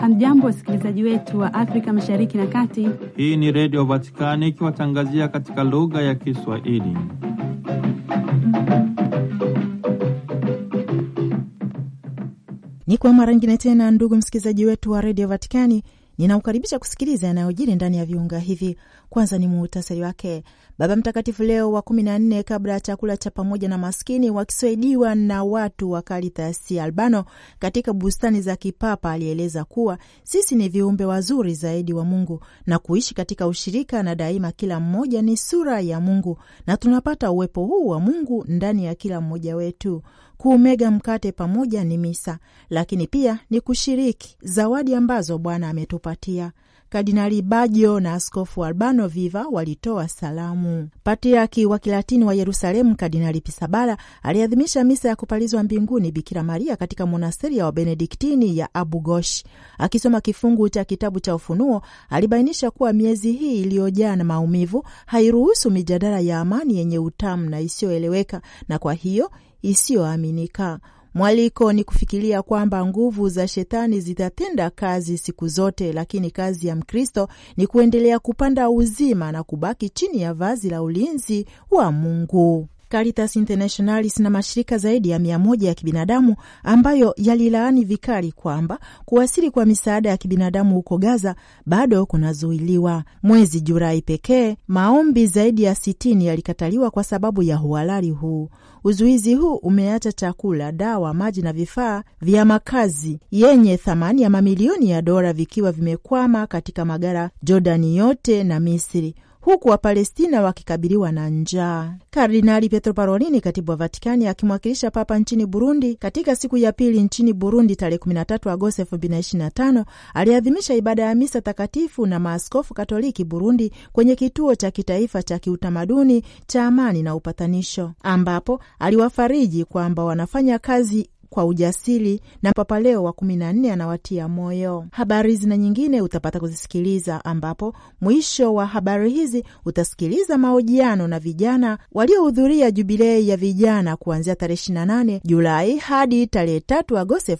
Hamjambo, wasikilizaji wetu wa Afrika mashariki na kati. Hii ni Redio Vatikani ikiwatangazia katika lugha ya Kiswahili. Ni kwa mara nyingine tena, ndugu msikilizaji wetu wa Redio Vatikani Ninaukaribisha kusikiliza yanayojiri ndani ya viunga hivi. Kwanza ni muhutasari wake. Baba Mtakatifu Leo wa kumi na nne, kabla ya chakula cha pamoja na maskini wakisaidiwa na watu wa Karitas Albano katika bustani za kipapa, alieleza kuwa sisi ni viumbe wazuri zaidi wa Mungu na kuishi katika ushirika, na daima kila mmoja ni sura ya Mungu na tunapata uwepo huu wa Mungu ndani ya kila mmoja wetu. Kuumega mkate pamoja ni misa, lakini pia ni kushiriki zawadi ambazo Bwana ametupatia. Kardinali Baggio na Askofu Albano Viva walitoa salamu. Patriaki wa Kilatini wa Yerusalemu, Kardinali Pisabala, aliadhimisha misa ya kupalizwa mbinguni Bikira Maria katika monasteri ya Wabenediktini ya Abu Gosh. Akisoma kifungu cha kitabu cha Ufunuo, alibainisha kuwa miezi hii iliyojaa na maumivu hairuhusu mijadala ya amani yenye utamu na isiyoeleweka, na kwa hiyo isiyoaminika. Mwaliko ni kufikiria kwamba nguvu za shetani zitatenda kazi siku zote, lakini kazi ya Mkristo ni kuendelea kupanda uzima na kubaki chini ya vazi la ulinzi wa Mungu. Caritas Internationalis na mashirika zaidi ya mia moja ya kibinadamu ambayo yalilaani vikali kwamba kuwasili kwa misaada ya kibinadamu huko Gaza bado kunazuiliwa. Mwezi Julai pekee maombi zaidi ya sitini yalikataliwa kwa sababu ya uhalali huu. Uzuizi huu umeacha chakula, dawa, maji na vifaa vya makazi yenye thamani ya mamilioni ya dola vikiwa vimekwama katika magara Jordani yote na Misri huku Wapalestina wakikabiliwa na njaa. Kardinali Pietro Parolini, katibu wa Vatikani, akimwakilisha Papa nchini Burundi katika siku ya pili nchini Burundi tarehe 13 Agosti 2025 aliadhimisha ibada ya misa takatifu na maaskofu Katoliki Burundi kwenye kituo cha kitaifa cha kiutamaduni cha amani na upatanisho, ambapo aliwafariji kwamba wanafanya kazi kwa ujasiri, na Papa Leo wa kumi na nne anawatia moyo. Habari zina nyingine utapata kuzisikiliza, ambapo mwisho wa habari hizi utasikiliza mahojiano na vijana waliohudhuria jubilei ya vijana kuanzia tarehe nane Julai hadi tarehe tatu Agosti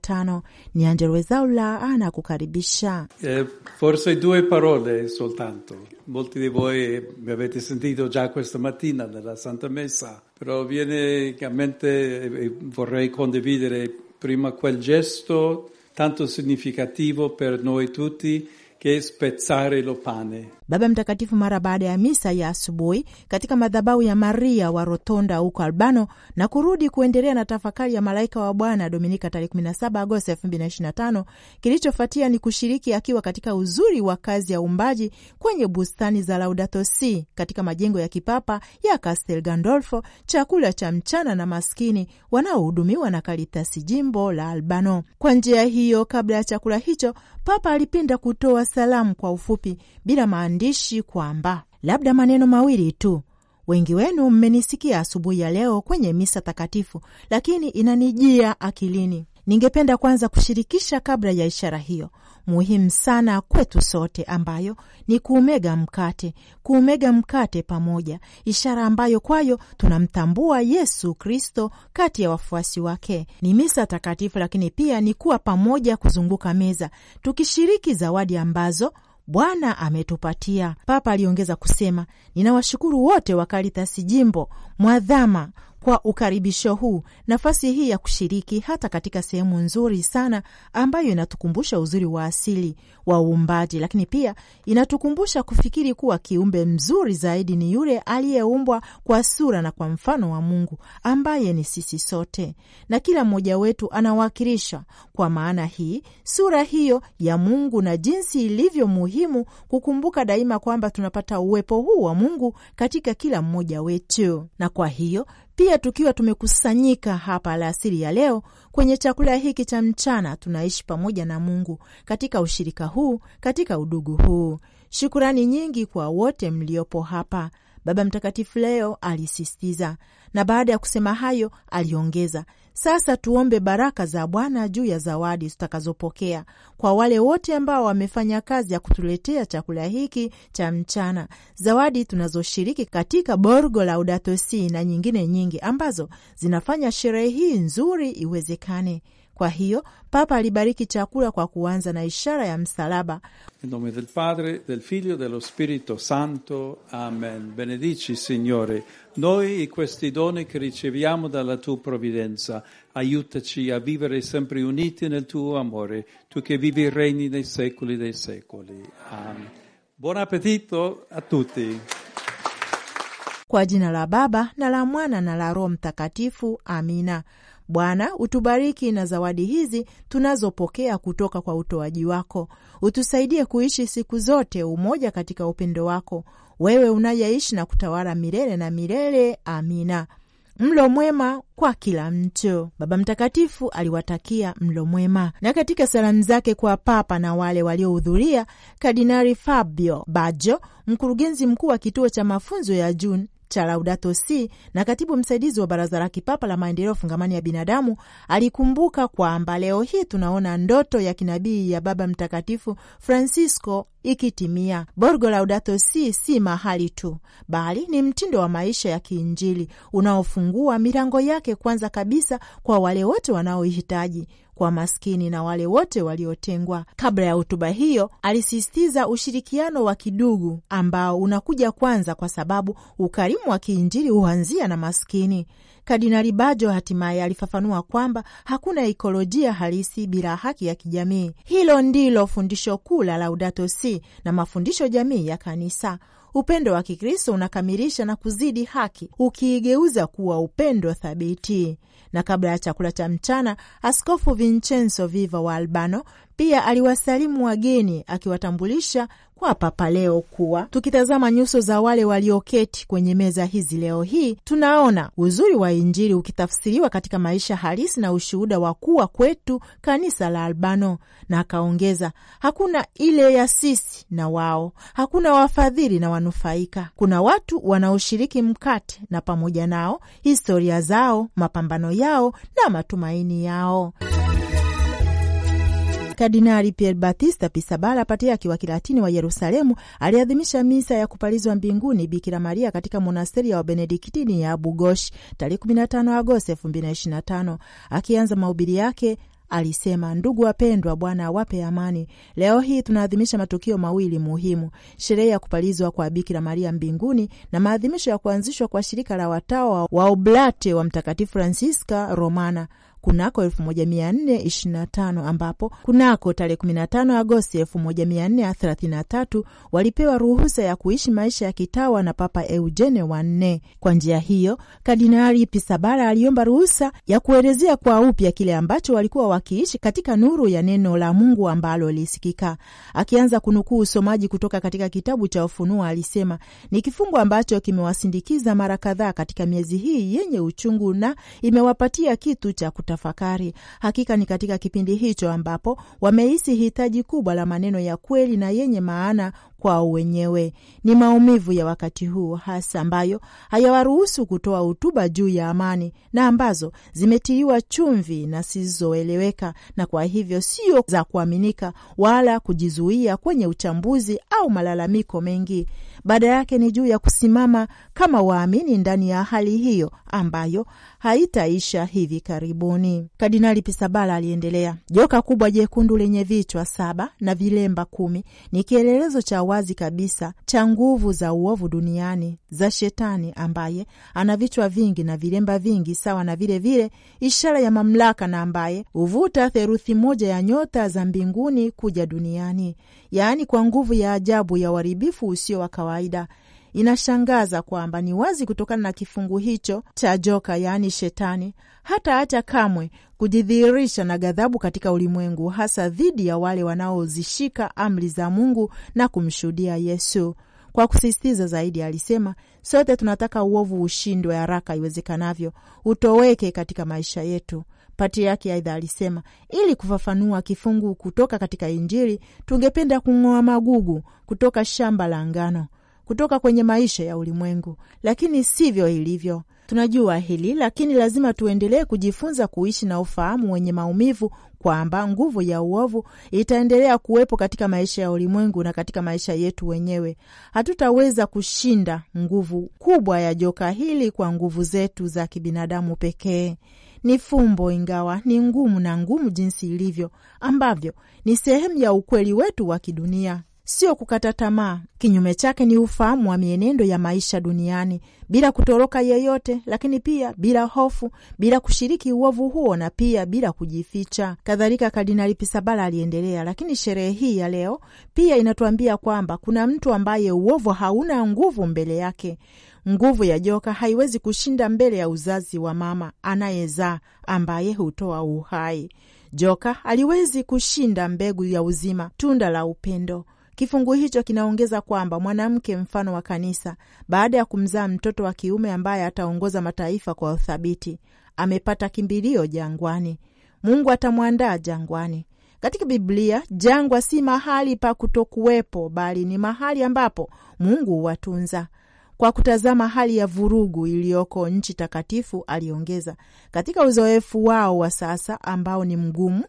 tano. Ni Angelo Wezaula anakukaribisha. Eh, forse due parole soltanto molti di voi mi avete sentito già questa mattina nella Santa Messa, però viene a mente e vorrei condividere prima quel gesto tanto significativo per noi tutti che è spezzare lo pane. Baba Mtakatifu mara baada ya misa ya asubuhi katika madhabahu ya Maria wa Rotonda huko Albano na kurudi kuendelea na tafakari ya malaika wa Bwana Dominika tarehe 17 Agosti 2025. Kilichofuatia ni kushiriki akiwa katika uzuri wa kazi ya uumbaji kwenye bustani za Laudato Si katika majengo ya kipapa ya Castel Gandolfo, chakula cha mchana na maskini wanaohudumiwa na Karitasi jimbo la Albano. Kwa njia hiyo, kabla ya chakula hicho, Papa alipenda kutoa salamu kwa ufupi bila maandishi maandishi kwamba labda maneno mawili tu wengi wenu mmenisikia asubuhi ya leo kwenye misa takatifu, lakini inanijia akilini. Ningependa kwanza kushirikisha kabla ya ishara hiyo muhimu sana kwetu sote, ambayo ni kuumega mkate, kuumega mkate pamoja, ishara ambayo kwayo tunamtambua Yesu Kristo kati ya wafuasi wake. Ni misa takatifu, lakini pia ni kuwa pamoja kuzunguka meza, tukishiriki zawadi ambazo Bwana ametupatia. Papa aliongeza kusema, ninawashukuru wote wa Karitasi jimbo mwadhama kwa ukaribisho huu, nafasi hii ya kushiriki hata katika sehemu nzuri sana ambayo inatukumbusha uzuri wa asili wa uumbaji, lakini pia inatukumbusha kufikiri kuwa kiumbe mzuri zaidi ni yule aliyeumbwa kwa sura na kwa mfano wa Mungu ambaye ni sisi sote, na kila mmoja wetu anawakilisha kwa maana hii sura hiyo ya Mungu, na jinsi ilivyo muhimu kukumbuka daima kwamba tunapata uwepo huu wa Mungu katika kila mmoja wetu, na kwa hiyo pia tukiwa tumekusanyika hapa alasiri ya leo kwenye chakula hiki cha mchana, tunaishi pamoja na Mungu katika ushirika huu, katika udugu huu. Shukurani nyingi kwa wote mliopo hapa, Baba Mtakatifu leo alisisitiza, na baada ya kusema hayo aliongeza sasa tuombe baraka za Bwana juu ya zawadi tutakazopokea kwa wale wote ambao wamefanya kazi ya kutuletea chakula hiki cha mchana, zawadi tunazoshiriki katika Borgo Laudato Si na nyingine nyingi ambazo zinafanya sherehe hii nzuri iwezekane. Kwa hiyo Papa alibariki chakula kwa kuanza na ishara ya msalaba. In nome del Padre, del Figlio, dello Spirito Santo. Amen. Benedici, Signore, noi e questi doni che riceviamo dalla tua provvidenza. Aiutaci a vivere sempre uniti nel tuo amore, tu che vivi e regni nei secoli dei secoli. Amen. Buon appetito a tutti. Kwa jina la Baba na la Mwana na la Roho Mtakatifu. Amina. Bwana, utubariki na zawadi hizi tunazopokea kutoka kwa utoaji wako. Utusaidie kuishi siku zote umoja katika upendo wako, wewe unayeishi na kutawala milele na milele. Amina. Mlo mwema kwa kila mtu. Baba Mtakatifu aliwatakia mlo mwema, na katika salamu zake kwa Papa na wale waliohudhuria, Kardinali Fabio Baggio, mkurugenzi mkuu wa kituo cha mafunzo ya juu cha Laudato Si, na katibu msaidizi wa Baraza la Kipapa la Maendeleo Fungamani ya Binadamu alikumbuka kwamba leo hii tunaona ndoto ya kinabii ya Baba Mtakatifu Francisco ikitimia. Borgo Laudato Si si mahali tu, bali ni mtindo wa maisha ya kiinjili unaofungua milango yake kwanza kabisa kwa wale wote wanaohitaji kwa maskini na wale wote waliotengwa. Kabla ya hotuba hiyo, alisisitiza ushirikiano wa kidugu ambao unakuja kwanza, kwa sababu ukarimu wa kiinjili huanzia na maskini. Kardinali Bajo hatimaye alifafanua kwamba hakuna ikolojia halisi bila haki ya kijamii. Hilo ndilo fundisho kuu la Laudato Si na mafundisho jamii ya Kanisa. Upendo wa Kikristo unakamilisha na kuzidi haki, ukiigeuza kuwa upendo thabiti. Na kabla ya chakula cha mchana, Askofu Vincenzo Viva wa Albano, pia aliwasalimu wageni akiwatambulisha kwa Papa Leo kuwa tukitazama nyuso za wale walioketi kwenye meza hizi leo hii tunaona uzuri wa Injili ukitafsiriwa katika maisha halisi na ushuhuda wa kuwa kwetu kanisa la Albano. Na akaongeza, hakuna ile ya sisi na wao, hakuna wafadhili na wanufaika. Kuna watu wanaoshiriki mkate na pamoja nao historia zao, mapambano yao na matumaini yao. Kardinali Pier batista Pisabala, patriaki wa Kilatini wa Yerusalemu, aliadhimisha misa ya kupalizwa mbinguni Bikira Maria katika monasteri ya Wabenediktini ya Bugosh tarehe 15 Agosti 2025. Akianza mahubiri yake Alisema, ndugu wapendwa, Bwana awape amani. Leo hii tunaadhimisha matukio mawili muhimu: sherehe ya kupalizwa kwa Bikira Maria mbinguni na maadhimisho ya kuanzishwa kwa shirika la watawa wa Oblate wa Mtakatifu Francisca Romana kunako 1425 ambapo kunako tarehe 15 Agosti 1433 walipewa ruhusa ya kuishi maisha ya kitawa na Papa Eugene wanne. Kwa njia hiyo, Kardinali Pisabara aliomba ruhusa ya kuelezea kwa upya kile ambacho walikuwa wakiishi katika nuru ya neno la Mungu ambalo lisikika. Akianza kunukuu usomaji kutoka katika kitabu cha Ufunuo, alisema ni kifungu ambacho kimewasindikiza mara kadhaa katika miezi hii yenye uchungu na imewapatia kitu cha kutafakari. Hakika ni katika kipindi hicho ambapo wamehisi hitaji kubwa la maneno ya kweli na yenye maana kwao wenyewe. Ni maumivu ya wakati huu hasa ambayo hayawaruhusu kutoa hotuba juu ya amani na ambazo zimetiiwa chumvi na sizoeleweka, na kwa hivyo sio za kuaminika wala kujizuia kwenye uchambuzi au malalamiko mengi. Baada yake ni juu ya kusimama kama waamini ndani ya hali hiyo ambayo haitaisha hivi karibuni. Kardinali Pisabala aliendelea, joka kubwa jekundu lenye vichwa saba na vilemba kumi ni kielelezo cha wazi kabisa cha nguvu za uovu duniani za Shetani, ambaye ana vichwa vingi na vilemba vingi sawa na vile vile, ishara ya mamlaka, na ambaye huvuta theruthi moja ya nyota za mbinguni kuja duniani, yaani kwa nguvu ya ajabu ya uharibifu usio wa kawaida Inashangaza kwamba ni wazi kutokana na kifungu hicho cha joka, yaani Shetani hata hata kamwe kujidhihirisha na ghadhabu katika ulimwengu, hasa dhidi ya wale wanaozishika amri za Mungu na kumshuhudia Yesu. Kwa kusisitiza zaidi, alisema sote tunataka uovu ushindwe haraka iwezekanavyo, utoweke katika maisha yetu. Pati yake aidha alisema, ili kufafanua kifungu kutoka katika Injili, tungependa kung'oa magugu kutoka shamba la ngano kutoka kwenye maisha ya ulimwengu, lakini sivyo ilivyo. Tunajua hili, lakini lazima tuendelee kujifunza kuishi na ufahamu wenye maumivu kwamba nguvu ya uovu itaendelea kuwepo katika maisha ya ulimwengu na katika maisha yetu wenyewe. Hatutaweza kushinda nguvu kubwa ya joka hili kwa nguvu zetu za kibinadamu pekee. Ni fumbo, ingawa ni ngumu na ngumu jinsi ilivyo, ambavyo ni sehemu ya ukweli wetu wa kidunia sio kukata tamaa. Kinyume chake ni ufahamu wa mienendo ya maisha duniani bila kutoroka yeyote, lakini pia bila hofu, bila kushiriki uovu huo na pia bila kujificha. Kadhalika, Kardinali Pisabala aliendelea, lakini sherehe hii ya leo pia inatuambia kwamba kuna mtu ambaye uovu hauna nguvu mbele yake. Nguvu ya joka haiwezi kushinda mbele ya uzazi wa mama anayezaa ambaye hutoa uhai. Joka haliwezi kushinda mbegu ya uzima, tunda la upendo. Kifungu hicho kinaongeza kwamba mwanamke mfano wa kanisa, baada ya kumzaa mtoto wa kiume ambaye ataongoza mataifa kwa uthabiti, amepata kimbilio jangwani. Mungu atamwandaa jangwani. Katika Biblia, jangwa si mahali pa kutokuwepo, bali ni mahali ambapo Mungu huwatunza. Kwa kutazama hali ya vurugu iliyoko nchi takatifu, aliongeza, katika uzoefu wao wa sasa ambao ni mgumu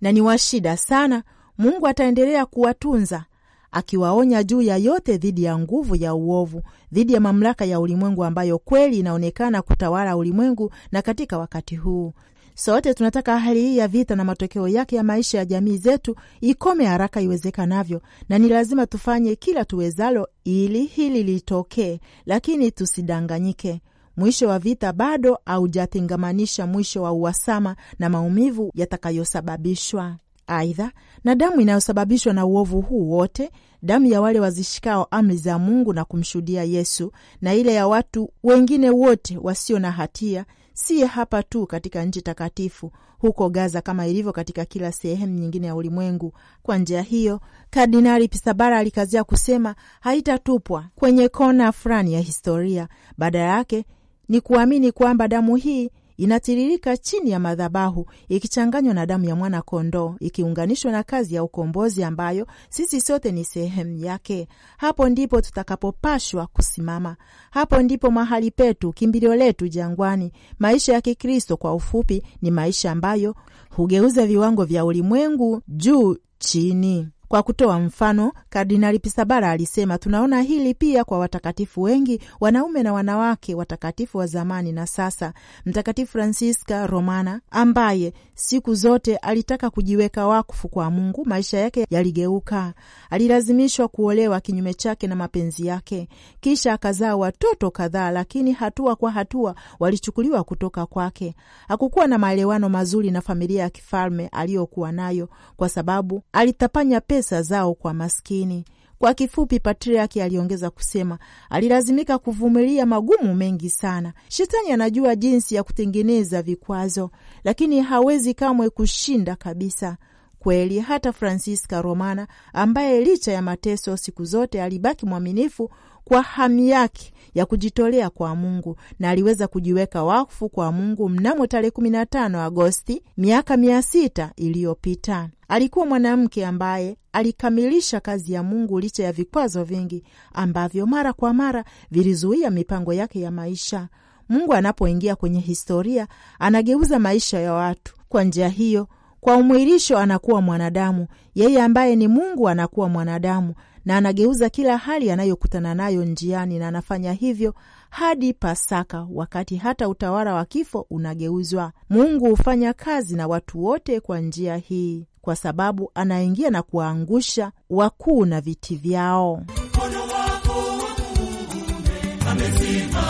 na ni wa shida sana, Mungu ataendelea kuwatunza akiwaonya juu ya yote dhidi ya nguvu ya uovu, dhidi ya mamlaka ya ulimwengu ambayo kweli inaonekana kutawala ulimwengu na katika wakati huu sote tunataka hali hii ya vita na matokeo yake ya maisha ya jamii zetu ikome haraka iwezekanavyo, na ni lazima tufanye kila tuwezalo ili hili litokee, lakini tusidanganyike. Mwisho wa vita bado haujatengamanisha mwisho wa uhasama na maumivu yatakayosababishwa. Aidha, na damu inayosababishwa na uovu huu wote, damu ya wale wazishikao amri za Mungu na kumshuhudia Yesu, na ile ya watu wengine wote wasio na hatia, siye hapa tu katika nchi takatifu huko Gaza kama ilivyo katika kila sehemu nyingine ya ulimwengu. Kwa njia hiyo, Kardinali Pisabara alikazia kusema, haitatupwa kwenye kona fulani ya historia. Badala yake ni kuamini kwamba damu hii inatiririka chini ya madhabahu ikichanganywa na damu ya mwana kondoo, ikiunganishwa na kazi ya ukombozi ambayo sisi sote ni sehemu yake. Hapo ndipo tutakapopashwa kusimama, hapo ndipo mahali petu, kimbilio letu jangwani. Maisha ya Kikristo kwa ufupi, ni maisha ambayo hugeuza viwango vya ulimwengu juu chini. Kwa kutoa mfano, Kardinali Pisabara alisema, tunaona hili pia kwa watakatifu wengi, wanaume na wanawake watakatifu wa zamani na sasa. Mtakatifu francisca Romana, ambaye siku zote alitaka kujiweka wakfu kwa Mungu, maisha yake yaligeuka. Alilazimishwa kuolewa kinyume chake na mapenzi yake, kisha akazaa watoto kadhaa, lakini hatua kwa hatua walichukuliwa kutoka kwake. Hakukuwa na maelewano mazuri na familia ya kifalme aliyokuwa nayo, kwa sababu alitapanya pesa pesa zao kwa maskini. Kwa kifupi, patriaki aliongeza kusema, alilazimika kuvumilia magumu mengi sana. Shetani anajua jinsi ya kutengeneza vikwazo, lakini hawezi kamwe kushinda kabisa. Kweli hata Francisca Romana ambaye licha ya mateso siku zote alibaki mwaminifu kwa hamu yake ya kujitolea kwa Mungu na aliweza kujiweka wakfu kwa Mungu mnamo tarehe 15 Agosti miaka mia sita iliyopita. Alikuwa mwanamke ambaye alikamilisha kazi ya Mungu licha ya vikwazo vingi ambavyo mara kwa mara vilizuia mipango yake ya maisha. Mungu anapoingia kwenye historia, anageuza maisha ya watu. Kwa njia hiyo kwa umwirisho anakuwa mwanadamu, yeye ambaye ni Mungu anakuwa mwanadamu na anageuza kila hali anayokutana nayo njiani, na anafanya hivyo hadi Pasaka, wakati hata utawala wa kifo unageuzwa. Mungu hufanya kazi na watu wote kwa njia hii, kwa sababu anaingia na kuwaangusha wakuu na viti vyao. Mkono wako wa kuume amezima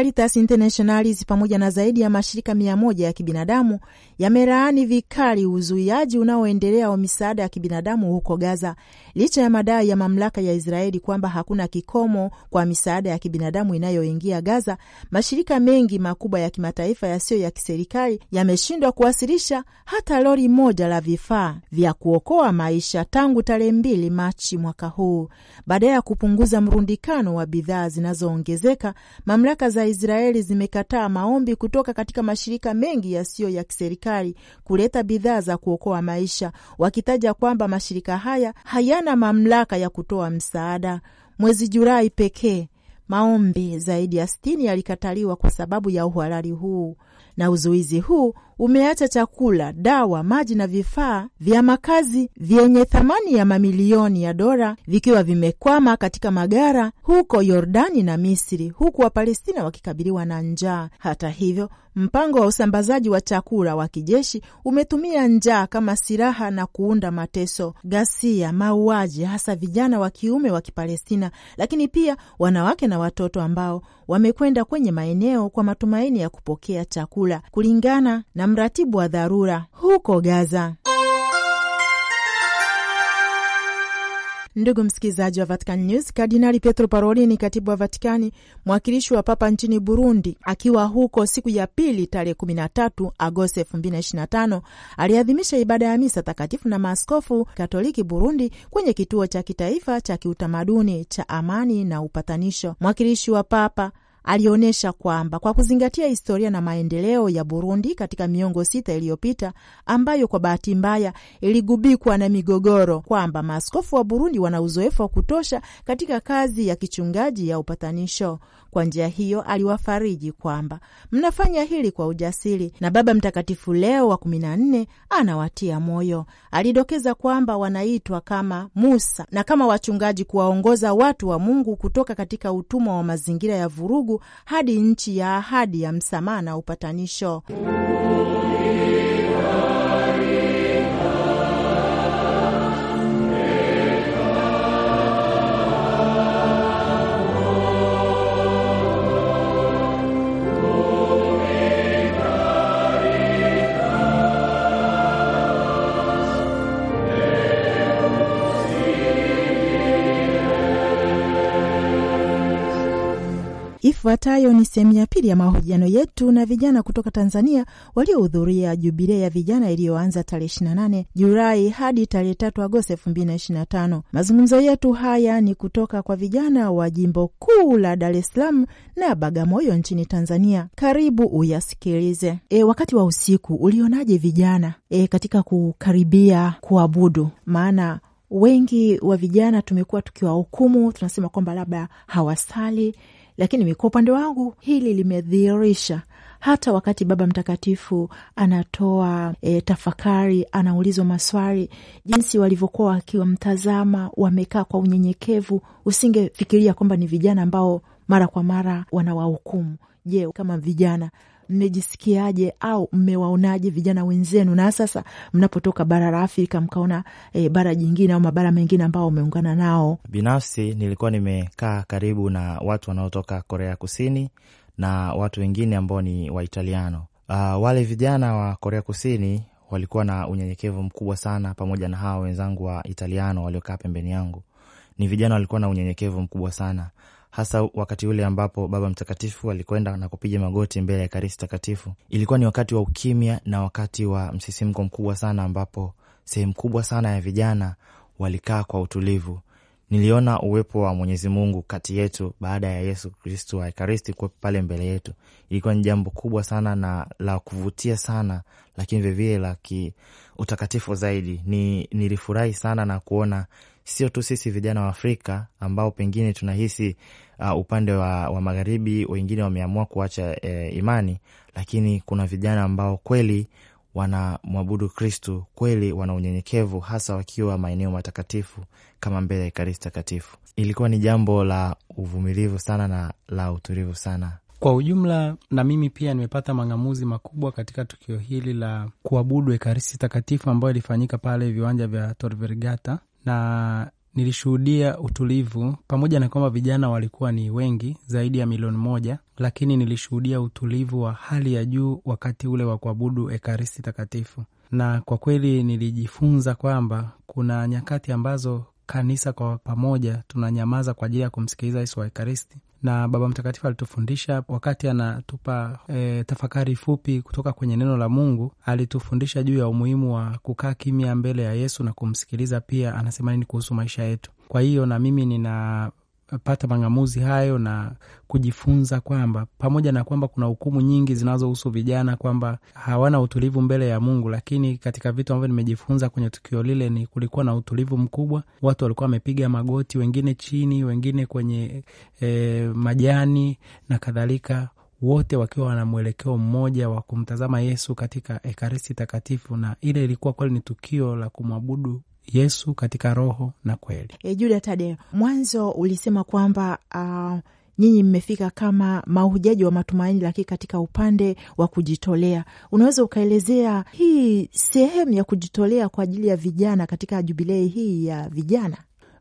Caritas Internationalis pamoja na zaidi ya mashirika mia moja ya kibinadamu yamelaani vikali uzuiaji unaoendelea wa misaada ya kibinadamu huko Gaza, licha ya madai ya mamlaka ya Israeli kwamba hakuna kikomo kwa misaada ya kibinadamu inayoingia Gaza. Mashirika mengi makubwa ya kimataifa yasiyo ya kiserikali yameshindwa kuwasilisha hata lori moja la vifaa vya kuokoa maisha tangu tarehe mbili Machi mwaka huu. Badala ya kupunguza mrundikano wa bidhaa zinazoongezeka, mamlaka za Israeli zimekataa maombi kutoka katika mashirika mengi yasiyo ya kiserikali serikali kuleta bidhaa za kuokoa maisha, wakitaja kwamba mashirika haya hayana mamlaka ya kutoa msaada. Mwezi Julai pekee maombi zaidi ya sitini yalikataliwa kwa sababu ya uhalali huu na uzuizi huu umeacha chakula, dawa, maji na vifaa vya makazi vyenye thamani ya mamilioni ya dola vikiwa vimekwama katika magara huko Yordani na Misri, huku Wapalestina wakikabiliwa na njaa. Hata hivyo, mpango wa usambazaji wa chakula wa kijeshi umetumia njaa kama silaha na kuunda mateso, ghasia, mauaji, hasa vijana wa kiume wa Kipalestina, lakini pia wanawake na watoto ambao wamekwenda kwenye maeneo kwa matumaini ya kupokea chakula kulingana na mratibu wa dharura huko Gaza. Ndugu msikilizaji wa Vatican News, Kardinali Pietro Parolini, katibu wa Vatikani, mwakilishi wa Papa nchini Burundi, akiwa huko siku ya pili tarehe 13 Agosti 2025 aliadhimisha ibada ya misa takatifu na maaskofu Katoliki Burundi kwenye kituo cha kitaifa cha kiutamaduni cha amani na upatanisho. Mwakilishi wa Papa Alionyesha kwamba kwa kuzingatia historia na maendeleo ya Burundi katika miongo sita iliyopita ambayo kwa bahati mbaya iligubikwa na migogoro, kwamba maaskofu wa Burundi wana uzoefu wa kutosha katika kazi ya kichungaji ya upatanisho. Kwa njia hiyo aliwafariji kwamba mnafanya hili kwa ujasiri, na Baba Mtakatifu Leo wa kumi na nne anawatia moyo. Alidokeza kwamba wanaitwa kama Musa na kama wachungaji kuwaongoza watu wa Mungu kutoka katika utumwa wa mazingira ya vurugu hadi nchi ya ahadi ya msamaha na upatanisho. Ifuatayo ni sehemu ya pili ya mahojiano yetu na vijana kutoka Tanzania waliohudhuria jubilei ya vijana iliyoanza tarehe 28 Julai hadi tarehe 3 Agosti 2025. Mazungumzo yetu haya ni kutoka kwa vijana wa jimbo kuu la Dar es Salaam na Bagamoyo nchini Tanzania. Karibu uyasikilize. E, wakati wa usiku ulionaje vijana e, katika kukaribia kuabudu? Maana wengi wa vijana tumekuwa tukiwahukumu, tunasema kwamba labda hawasali lakini mi kwa upande wangu hili limedhihirisha hata wakati Baba Mtakatifu anatoa e, tafakari, anaulizwa maswali, jinsi walivyokuwa wakiwamtazama wamekaa kwa unyenyekevu. Usingefikiria kwamba ni vijana ambao mara kwa mara wanawahukumu. Je, kama vijana mmejisikiaje au mmewaonaje vijana wenzenu, na sasa mnapotoka bara la Afrika mkaona e, bara jingine au mabara mengine ambao umeungana nao? Binafsi nilikuwa nimekaa karibu na watu wanaotoka Korea Kusini na watu wengine ambao ni Waitaliano. Uh, ah, wale vijana wa Korea Kusini walikuwa na unyenyekevu mkubwa sana, pamoja na hawa wenzangu wa Italiano waliokaa pembeni yangu. Ni vijana walikuwa na unyenyekevu mkubwa sana hasa wakati ule ambapo Baba Mtakatifu alikwenda na kupiga magoti mbele ya Ekaristi Takatifu. Ilikuwa ni wakati wa ukimya na wakati wa msisimko mkubwa sana, ambapo sehemu kubwa sana ya vijana walikaa kwa utulivu. Niliona uwepo wa Mwenyezi Mungu kati yetu baada ya Yesu Kristu wa Ekaristi kuwepo pale mbele yetu. Ilikuwa ni jambo kubwa sana na la kuvutia sana, lakini vilevile la kiutakatifu zaidi. Ni, nilifurahi sana na kuona sio tu sisi vijana wa Afrika ambao pengine tunahisi uh, upande wa, wa magharibi wengine wameamua kuacha eh, imani, lakini kuna vijana ambao kweli wanamwabudu Kristu, kweli wana unyenyekevu, hasa wakiwa maeneo matakatifu kama mbele ya Ekaristi Takatifu. Ilikuwa ni jambo la uvumilivu sana na la utulivu sana kwa ujumla. Na mimi pia nimepata mang'amuzi makubwa katika tukio hili la kuabudu Ekaristi Takatifu ambayo ilifanyika pale viwanja vya Torvergata na nilishuhudia utulivu, pamoja na kwamba vijana walikuwa ni wengi zaidi ya milioni moja, lakini nilishuhudia utulivu wa hali ya juu wakati ule wa kuabudu Ekaristi Takatifu. Na kwa kweli nilijifunza kwamba kuna nyakati ambazo kanisa kwa pamoja tunanyamaza kwa ajili ya kumsikiliza Yesu wa Ekaristi, na Baba Mtakatifu alitufundisha wakati anatupa e, tafakari fupi kutoka kwenye neno la Mungu. Alitufundisha juu ya umuhimu wa kukaa kimya mbele ya Yesu na kumsikiliza pia anasema nini kuhusu maisha yetu. Kwa hiyo na mimi nina kupata mang'amuzi hayo na kujifunza kwamba pamoja na kwamba kuna hukumu nyingi zinazohusu vijana kwamba hawana utulivu mbele ya Mungu, lakini katika vitu ambavyo nimejifunza kwenye tukio lile ni kulikuwa na utulivu mkubwa. Watu walikuwa wamepiga magoti, wengine chini, wengine kwenye e, majani na kadhalika, wote wakiwa wana mwelekeo mmoja wa kumtazama Yesu katika Ekaristi Takatifu, na ile ilikuwa kweli ni tukio la kumwabudu Yesu katika roho na kweli. E, eh, Juda Tade, mwanzo ulisema kwamba uh, nyinyi mmefika kama mahujaji wa matumaini, lakini katika upande wa kujitolea, unaweza ukaelezea hii sehemu ya kujitolea kwa ajili ya vijana katika jubilei hii ya vijana?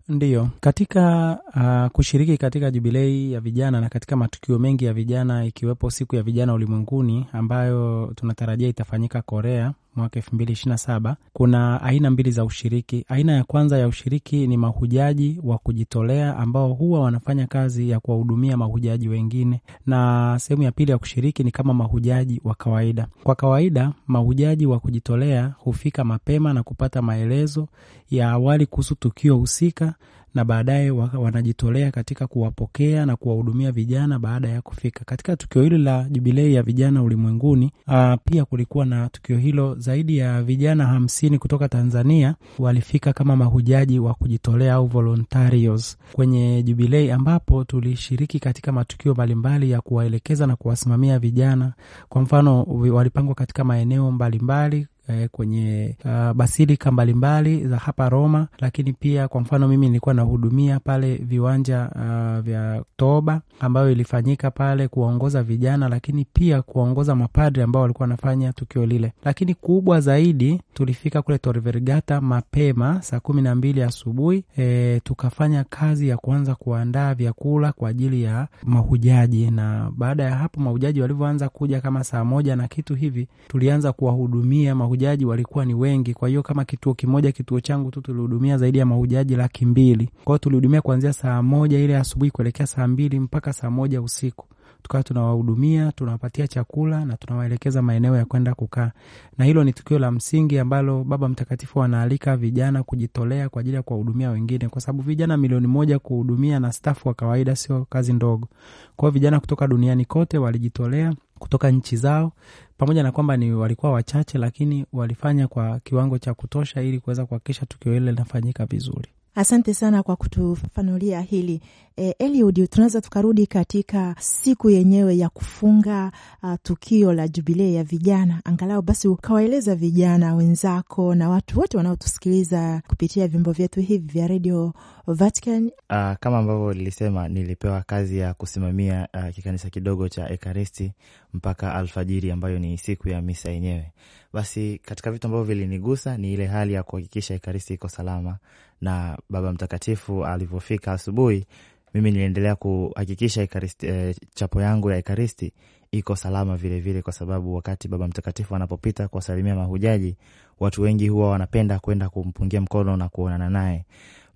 Ndiyo, katika uh, kushiriki katika jubilei ya vijana na katika matukio mengi ya vijana, ikiwepo siku ya vijana ulimwenguni ambayo tunatarajia itafanyika Korea mwaka 2027 kuna aina mbili za ushiriki. Aina ya kwanza ya ushiriki ni mahujaji wa kujitolea ambao huwa wanafanya kazi ya kuwahudumia mahujaji wengine, na sehemu ya pili ya kushiriki ni kama mahujaji wa kawaida. Kwa kawaida mahujaji wa kujitolea hufika mapema na kupata maelezo ya awali kuhusu tukio husika na baadaye wanajitolea katika kuwapokea na kuwahudumia vijana baada ya kufika. Katika tukio hili la jubilei ya vijana ulimwenguni, ah, pia kulikuwa na tukio hilo, zaidi ya vijana hamsini kutoka Tanzania walifika kama mahujaji wa kujitolea au volontarios kwenye jubilei, ambapo tulishiriki katika matukio mbalimbali ya kuwaelekeza na kuwasimamia vijana. Kwa mfano, walipangwa katika maeneo mbalimbali mbali, eh, kwenye uh, basilika mbalimbali za hapa Roma, lakini pia kwa mfano mimi nilikuwa nahudumia pale viwanja uh, vya toba ambayo ilifanyika pale kuwaongoza vijana, lakini pia kuwaongoza mapadri ambao walikuwa wanafanya tukio lile. Lakini kubwa zaidi tulifika kule Tor Vergata mapema saa kumi na mbili asubuhi e, tukafanya kazi ya kuanza kuandaa vyakula kwa ajili ya mahujaji, na baada ya hapo mahujaji walivyoanza kuja kama saa moja na kitu hivi, tulianza kuwahudumia mahujaji mahujaji walikuwa ni wengi. Kwa hiyo kama kituo kimoja, kituo changu tu tulihudumia zaidi ya mahujaji laki mbili. Kwa hiyo tulihudumia kuanzia saa moja ile asubuhi kuelekea saa mbili mpaka saa moja usiku tukawa tunawahudumia tunawapatia chakula na tunawaelekeza maeneo ya kwenda kukaa. Na hilo ni tukio la msingi ambalo Baba Mtakatifu anaalika vijana kujitolea kwa ajili ya kuwahudumia wengine, kwa sababu vijana milioni moja kuhudumia na stafu wa kawaida sio kazi ndogo. Kwa hiyo vijana kutoka duniani kote walijitolea kutoka nchi zao, pamoja na kwamba ni walikuwa wachache, lakini walifanya kwa kiwango cha kutosha ili kuweza kuhakikisha tukio hilo linafanyika vizuri. Asante sana kwa kutufafanulia hili e, Eliud, tunaweza tukarudi katika siku yenyewe ya kufunga uh, tukio la jubilei ya vijana, angalau basi ukawaeleza vijana wenzako na watu wote wanaotusikiliza kupitia vyombo vyetu hivi vya redio Vatican. Uh, kama ambavyo nilisema, nilipewa kazi ya kusimamia uh, kikanisa kidogo cha Ekaristi mpaka alfajiri, ambayo ni siku ya misa yenyewe. Basi katika vitu ambavyo vilinigusa ni ile hali ya kuhakikisha Ekaristi iko salama na Baba Mtakatifu alivyofika asubuhi, mimi niliendelea kuhakikisha e, chapo yangu ya Ekaristi iko salama vilevile vile, kwa sababu wakati Baba Mtakatifu anapopita kuwasalimia mahujaji, watu wengi huwa wanapenda kwenda kumpungia mkono na kuonana naye.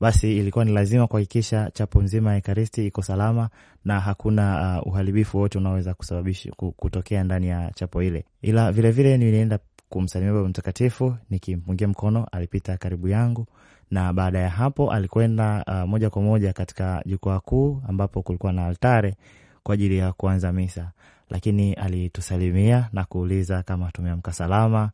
Basi ilikuwa ni lazima kuhakikisha chapo nzima ya Ekaristi iko salama na hakuna uh, uharibifu wote unaoweza kusababisha kutokea ndani ya chapo ile, ila vilevile nilienda kumsalimia Baba Mtakatifu nikimpungia mkono. Alipita karibu yangu na baada ya hapo alikwenda uh, moja kwa moja katika jukwaa kuu ambapo kulikuwa na altare kwa ajili ya kuanza misa, lakini alitusalimia na kuuliza kama tumeamka salama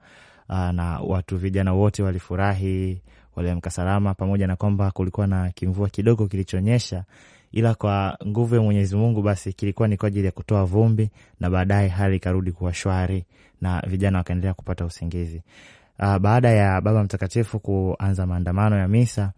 uh, na watu vijana wote walifurahi, waliamka salama, pamoja na kwamba kulikuwa na kimvua kidogo kilichonyesha, ila kwa nguvu ya Mwenyezi Mungu basi kilikuwa ni kwa ajili ya kutoa vumbi, na baadaye hali ikarudi kuwa shwari na vijana wakaendelea kupata usingizi. Uh, baada ya Baba Mtakatifu kuanza maandamano ya misa,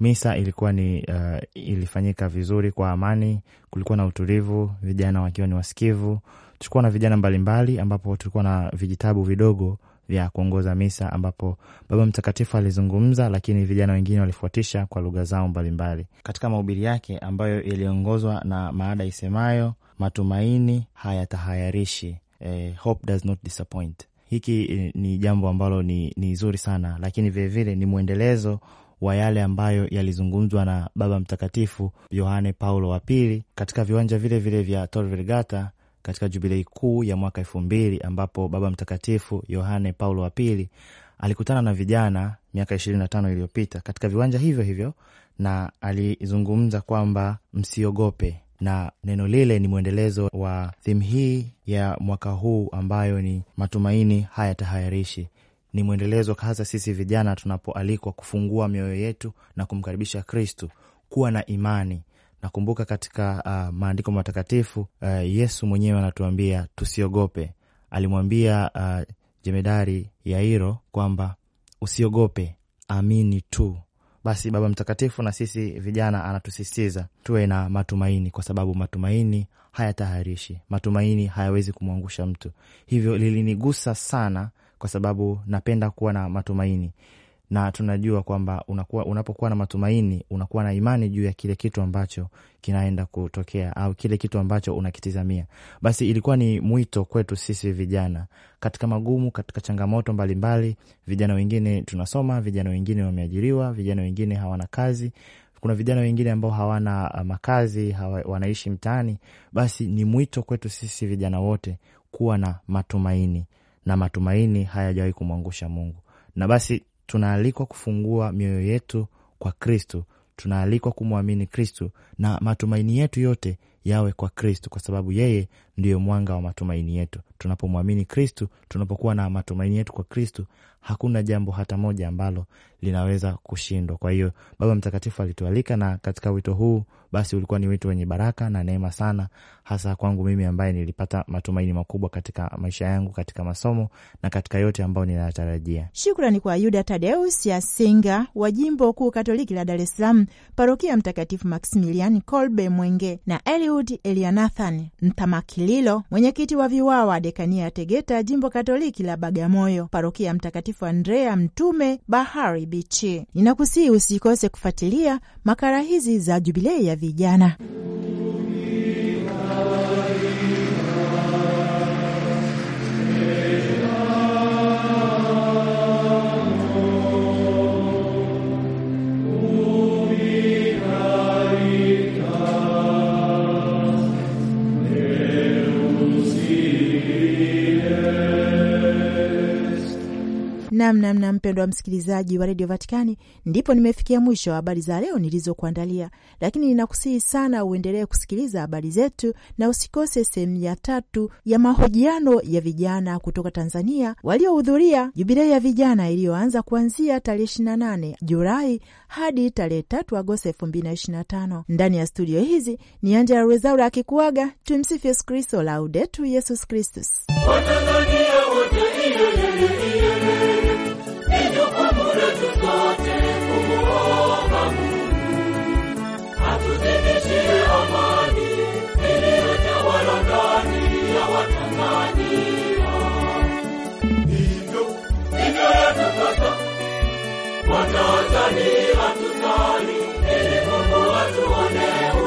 misa ilikuwa ni uh, ilifanyika vizuri kwa amani, kulikuwa na utulivu, vijana wakiwa ni wasikivu. Tulikuwa na vijana mbalimbali, ambapo tulikuwa na vijitabu vidogo vya kuongoza misa, ambapo Baba Mtakatifu alizungumza, lakini vijana wengine walifuatisha kwa lugha zao mbalimbali. Katika mahubiri yake ambayo yaliongozwa na maada isemayo matumaini hayatahayarishi, eh, hope does not disappoint hiki eh, ni jambo ambalo ni, ni zuri sana, lakini vilevile ni mwendelezo wa yale ambayo yalizungumzwa na Baba Mtakatifu Yohane Paulo wa Pili katika viwanja vile vile vya Tor Vergata katika jubilei kuu ya mwaka elfu mbili ambapo Baba Mtakatifu Yohane Paulo wa Pili alikutana na vijana miaka ishirini na tano iliyopita katika viwanja hivyo hivyo, na alizungumza kwamba msiogope na neno lile ni mwendelezo wa thimu hii ya mwaka huu ambayo ni matumaini hayatahayarishi. Ni mwendelezo hasa sisi vijana tunapoalikwa kufungua mioyo yetu na kumkaribisha Kristu, kuwa na imani. Nakumbuka katika uh, maandiko matakatifu uh, Yesu mwenyewe anatuambia tusiogope. Alimwambia uh, jemedari Yairo kwamba usiogope, amini tu. Basi Baba Mtakatifu na sisi vijana anatusisitiza tuwe na matumaini, kwa sababu matumaini hayatayarishi matumaini hayawezi kumwangusha mtu. Hivyo lilinigusa sana, kwa sababu napenda kuwa na matumaini na tunajua kwamba unakuwa, unapokuwa na matumaini unakuwa na imani juu ya kile kitu ambacho kinaenda kutokea au kile kitu ambacho unakitizamia. Basi ilikuwa ni mwito kwetu sisi vijana katika magumu, katika changamoto mbalimbali. mbali. Vijana wengine tunasoma, vijana wengine wameajiriwa, vijana wengine hawana kazi kuna vijana wengine ambao hawana uh, makazi hawa, wanaishi mtaani. Basi ni mwito kwetu sisi vijana wote kuwa na matumaini, na matumaini hayajawahi kumwangusha Mungu. Na basi tunaalikwa kufungua mioyo yetu kwa Kristu, tunaalikwa kumwamini Kristu na matumaini yetu yote yawe kwa Kristu, kwa sababu yeye ndiyo mwanga wa matumaini yetu. Tunapomwamini Kristu, tunapokuwa na matumaini yetu kwa Kristu, hakuna jambo hata moja ambalo linaweza kushindwa. Kwa hiyo Baba Mtakatifu alitualika, na katika wito huu basi ulikuwa ni wito wenye baraka na neema sana, hasa kwangu mimi ambaye nilipata matumaini makubwa katika maisha yangu, katika masomo na katika yote ambayo ninayatarajia Shukrani kwa Yuda Tadeus Yasinga wa Jimbo Kuu Katoliki la Dar es Salaam, parokia Mtakatifu Maximilian Kolbe Mwenge na Eliud Elianathan Mtamakili. Lilo, mwenyekiti wa VIWAWA dekania ya Tegeta, jimbo katoliki la Bagamoyo, parokia ya Mtakatifu Andrea Mtume Bahari Bichi. Ninakusii usikose kufuatilia makala hizi za Jubilei ya Vijana. Namnamna mpendwa msikilizaji wa redio Vatikani, ndipo nimefikia mwisho wa habari za leo nilizokuandalia, lakini ninakusihi sana uendelee kusikiliza habari zetu na usikose sehemu ya tatu ya mahojiano ya vijana kutoka Tanzania waliohudhuria jubilei ya vijana iliyoanza kuanzia tarehe 28 Julai hadi tarehe 3 Agosti 2025. Ndani ya studio hizi ni Angela Rezaura akikuaga. Tumsifu Yesu Kristo, Laudetu Yesus Kristus. Watanzania tusali ili Mungu atuone